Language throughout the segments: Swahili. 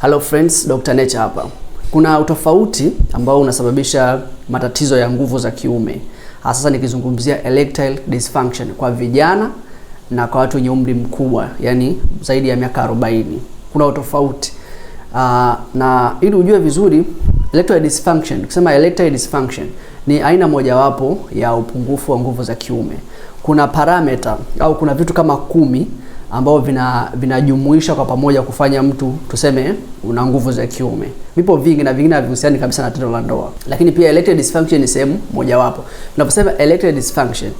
Hello friends, Dr. Nature hapa. Kuna utofauti ambao unasababisha matatizo ya nguvu za kiume. sasa nikizungumzia erectile dysfunction kwa vijana na kwa watu wenye umri mkubwa, yani zaidi ya miaka 40. Kuna utofauti. Uh, na ili ujue vizuri erectile dysfunction, kusema erectile dysfunction ni aina mojawapo ya upungufu wa nguvu za kiume. Kuna parameter au kuna vitu kama kumi ambavyo vina vinajumuisha kwa pamoja kufanya mtu tuseme una nguvu za kiume. Vipo vingi na vingine havihusiani kabisa na tendo la ndoa, lakini pia erectile dysfunction ni sehemu mojawapo. Tunaposema erectile dysfunction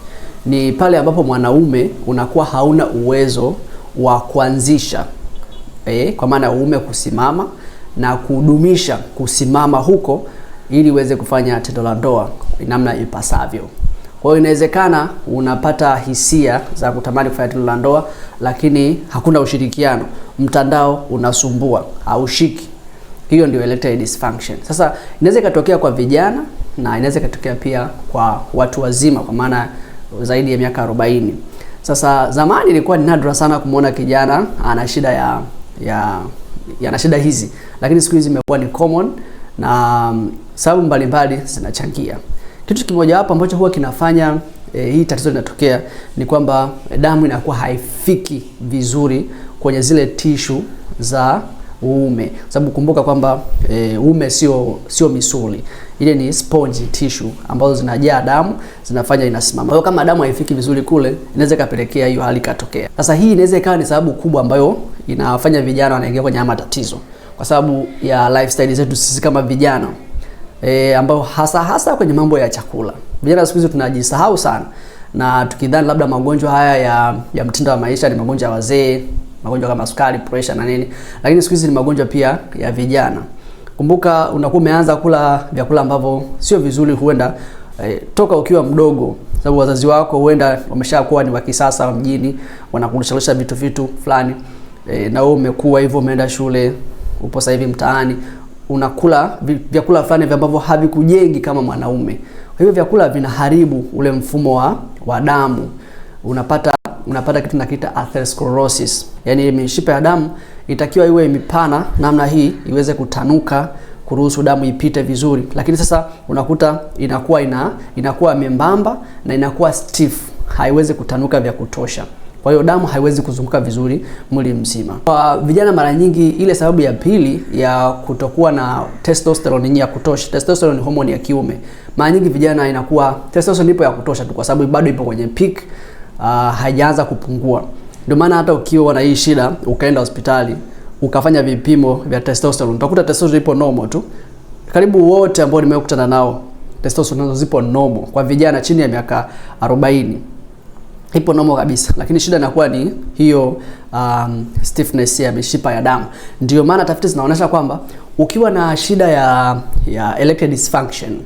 ni pale ambapo mwanaume unakuwa hauna uwezo wa kuanzisha eh, kwa maana uume kusimama na kudumisha kusimama huko ili uweze kufanya tendo la ndoa namna ipasavyo. Kwa hiyo inawezekana unapata hisia za kutamani kufanya tendo la ndoa lakini hakuna ushirikiano, mtandao unasumbua, haushiki. Hiyo ndio erectile dysfunction. Sasa inaweza ikatokea kwa vijana na inaweza ikatokea pia kwa watu wazima, kwa maana zaidi ya miaka 40. Sasa zamani ilikuwa ni nadra sana kumwona kijana ana shida ya ya yana shida hizi, lakini siku hizi imekuwa ni common na mm, sababu mbalimbali zinachangia. Kitu hapo ambacho huwa kinafanya e, hii tatizo linatokea ni kwamba damu inakuwa haifiki vizuri kwenye zile tishu za uume, sababu kumbuka kwamba e, uume sio sio misuli, ile ni sponge tissue ambazo zinajaa damu zinafanya inasimama. Kwa kama damu haifiki vizuri kule, inaweza ikapelekea hiyo hali katokea. Sasa hii inaweza ikawa ni sababu kubwa ambayo inawafanya vijana wanaingia kwenye matatizo, kwa sababu ya lifestyle zetu sisi kama vijana e, ambao hasa hasa kwenye mambo ya chakula. Vijana siku hizi tunajisahau sana na tukidhani labda magonjwa haya ya, ya mtindo wa maisha ni magonjwa ya wazee, magonjwa kama sukari, pressure na nini, lakini siku hizi ni magonjwa pia ya vijana. Kumbuka unakuwa umeanza kula vyakula ambavyo sio vizuri, huenda e, toka ukiwa mdogo, sababu wazazi wako huenda wameshakuwa ni wa kisasa wa mjini, wanakulisha vitu vitu fulani e, na wewe umekuwa hivyo, umeenda shule, upo sasa hivi mtaani, unakula vyakula fulani ambavyo havikujengi kama mwanaume. Kwa hivyo vyakula vinaharibu ule mfumo wa, wa damu. Unapata unapata kitu nakiita atherosclerosis. Yaani mishipa ya damu itakiwa iwe mipana namna hii iweze kutanuka kuruhusu damu ipite vizuri, lakini sasa unakuta inakuwa ina, inakuwa membamba na inakuwa stiff, haiwezi kutanuka vya kutosha. Kwa hiyo damu haiwezi kuzunguka vizuri mwili mzima. Kwa vijana, mara nyingi ile sababu ya pili ya kutokuwa na testosterone ya kutosha, testosterone hormone ya kiume, mara nyingi vijana inakuwa testosterone ipo ya kutosha tu, kwa sababu bado ipo kwenye peak, uh, haijaanza kupungua. Ndio maana hata ukiwa na hii shida ukaenda hospitali ukafanya vipimo vya testosterone, utakuta testosterone ipo normal tu. Karibu wote ambao nimekutana nao testosterone zipo normal kwa vijana chini ya miaka 40 ipo nomo kabisa, lakini shida inakuwa ni hiyo um, stiffness ya mishipa ya damu. Ndio maana tafiti zinaonyesha kwamba ukiwa na shida ya, ya erectile dysfunction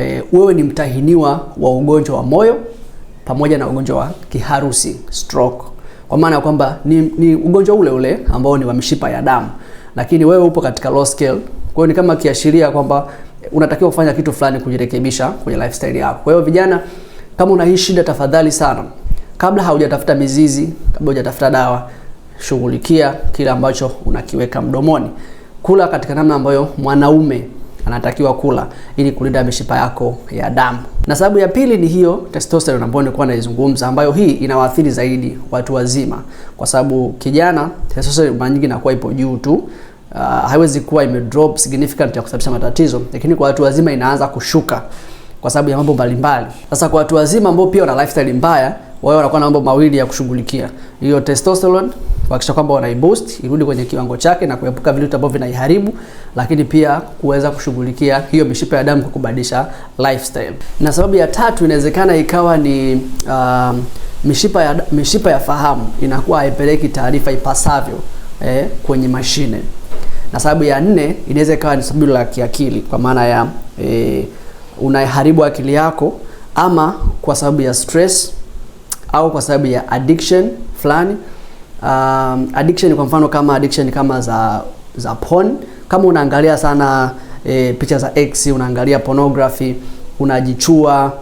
e, wewe ni mtahiniwa wa ugonjwa wa moyo pamoja na ugonjwa wa kiharusi stroke, kwa maana ya kwamba ni, ni ugonjwa ule ule ambao ni wa mishipa ya damu, lakini wewe upo katika low scale. Kwa hiyo ni kama kiashiria kwamba unatakiwa kufanya kitu fulani kujirekebisha kwenye lifestyle yako. Kwa hiyo vijana kama una hii shida, tafadhali sana, kabla haujatafuta mizizi, kabla hujatafuta dawa, shughulikia kile ambacho unakiweka mdomoni. Kula katika namna ambayo mwanaume anatakiwa kula ili kulinda mishipa yako ya damu. Na sababu ya pili ni hiyo testosterone ambayo nilikuwa naizungumza, ambayo hii inawaathiri zaidi watu wazima, kwa sababu kijana testosterone mara nyingi inakuwa ipo juu tu. Uh, haiwezi kuwa ime drop significant ya kusababisha matatizo, lakini kwa watu wazima inaanza kushuka kwa sababu ya mambo mbalimbali. Sasa kwa watu wazima ambao pia wana lifestyle mbaya, wao wanakuwa na mambo mawili ya kushughulikia. Hiyo testosterone kuhakikisha kwamba wanaiboost irudi kwenye kiwango chake na kuepuka vitu ambavyo vinaiharibu, lakini pia kuweza kushughulikia hiyo mishipa ya damu kwa kubadilisha lifestyle. Na sababu ya tatu inawezekana ikawa ni uh, mishipa ya mishipa ya fahamu inakuwa haipeleki taarifa ipasavyo eh, kwenye mashine. Na sababu ya nne inaweza ikawa ni sababu la kiakili kwa maana ya eh, unaiharibu akili yako ama kwa sababu ya stress au kwa sababu ya addiction fulani. Um, addiction kwa mfano kama addiction kama za za porn, kama unaangalia sana e, picha za X, unaangalia pornography, unajichua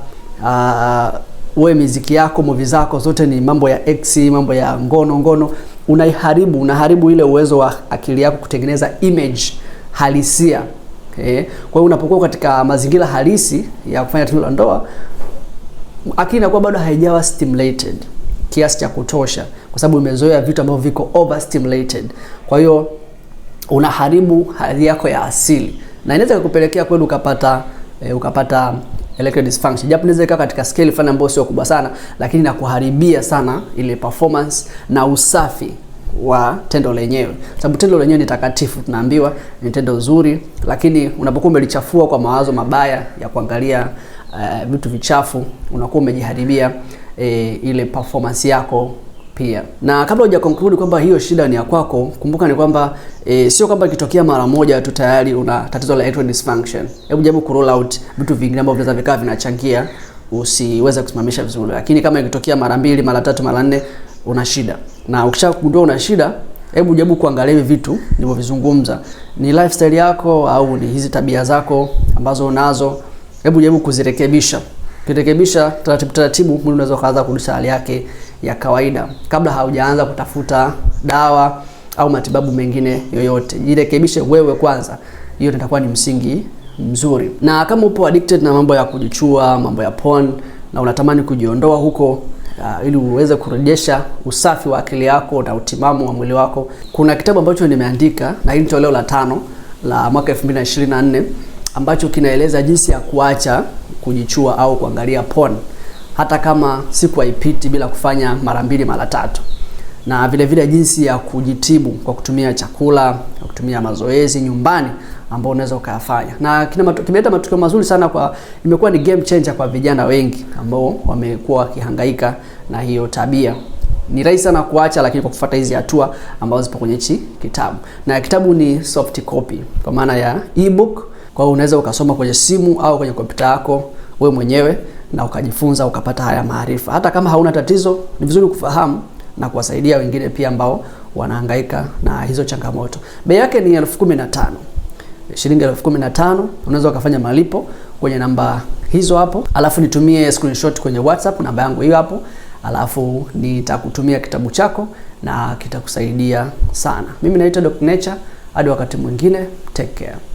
uh, we miziki yako movi zako zote ni mambo ya X, mambo ya ngono ngono, unaiharibu unaharibu ile uwezo wa akili yako kutengeneza image halisia. Eh, kwa hiyo unapokuwa katika mazingira halisi ya kufanya tendo la ndoa, akili inakuwa bado haijawa stimulated kiasi cha kutosha, kwa sababu imezoea vitu ambavyo viko overstimulated. Kwa hiyo unaharibu hali yako ya asili na inaweza kukupelekea kweli ukapata e, ukapata erectile dysfunction, japo inaweza ikawa katika scale fulani ambayo sio kubwa sana, lakini inakuharibia sana ile performance na usafi wa tendo lenyewe, sababu tendo lenyewe ni takatifu, tunaambiwa ni tendo zuri, lakini unapokuwa umelichafua kwa mawazo mabaya ya kuangalia uh, vitu vichafu, unakuwa umejiharibia e, ile performance yako pia. Na kabla huja conclude kwamba hiyo shida ni ya kwako, kumbuka ni kwamba e, sio kwamba ikitokea mara moja tu tayari una tatizo la erectile dysfunction. Hebu jaribu ku roll out vitu vingine ambavyo vinaweza vikawa vinachangia usiweze kusimamisha vizuri, lakini kama ikitokea mara mbili, mara tatu, mara nne una shida, na ukishagundua una shida, hebu jaribu kuangalia hivi vitu nilivyovizungumza, ni lifestyle yako au ni hizi tabia zako ambazo unazo, hebu jaribu kuzirekebisha. Kurekebisha taratibu taratibu, mwili unaweza kuanza kurudisha hali yake ya kawaida, kabla haujaanza kutafuta dawa au matibabu mengine yoyote. Jirekebishe wewe kwanza, hiyo itakuwa ni msingi mzuri. Na kama upo addicted na mambo ya kujichua, mambo ya porn na unatamani kujiondoa huko uh, ili uweze kurejesha usafi wa akili yako na utimamu wa mwili wako. Kuna kitabu ambacho nimeandika na hii toleo la tano la mwaka 2024 ambacho kinaeleza jinsi ya kuacha kujichua au kuangalia porn hata kama siku haipiti bila kufanya mara mbili mara tatu, na vile vile jinsi ya kujitibu kwa kutumia chakula, kwa kutumia mazoezi nyumbani ambao unaweza ukayafanya, na kimeleta matokeo mazuri sana kwa, imekuwa ni game changer kwa vijana wengi ambao wamekuwa wakihangaika na hiyo tabia. Ni rahisi sana kuacha, lakini kwa kufuata hizi hatua ambazo zipo kwenye hichi kitabu, na kitabu ni soft copy kwa maana ya ebook. Kwa hiyo unaweza ukasoma kwenye simu au kwenye kompyuta yako wewe mwenyewe na ukajifunza ukapata haya maarifa. Hata kama hauna tatizo, ni vizuri kufahamu na kuwasaidia wengine pia ambao wanahangaika na hizo changamoto. Bei yake ni elfu kumi na tano shilingi elfu kumi na tano unaweza ukafanya malipo kwenye namba hizo hapo, alafu nitumie screenshot kwenye WhatsApp, namba yangu hiyo hapo, alafu nitakutumia kitabu chako na kitakusaidia sana. Mimi naitwa Dr. Nature, hadi wakati mwingine, take care.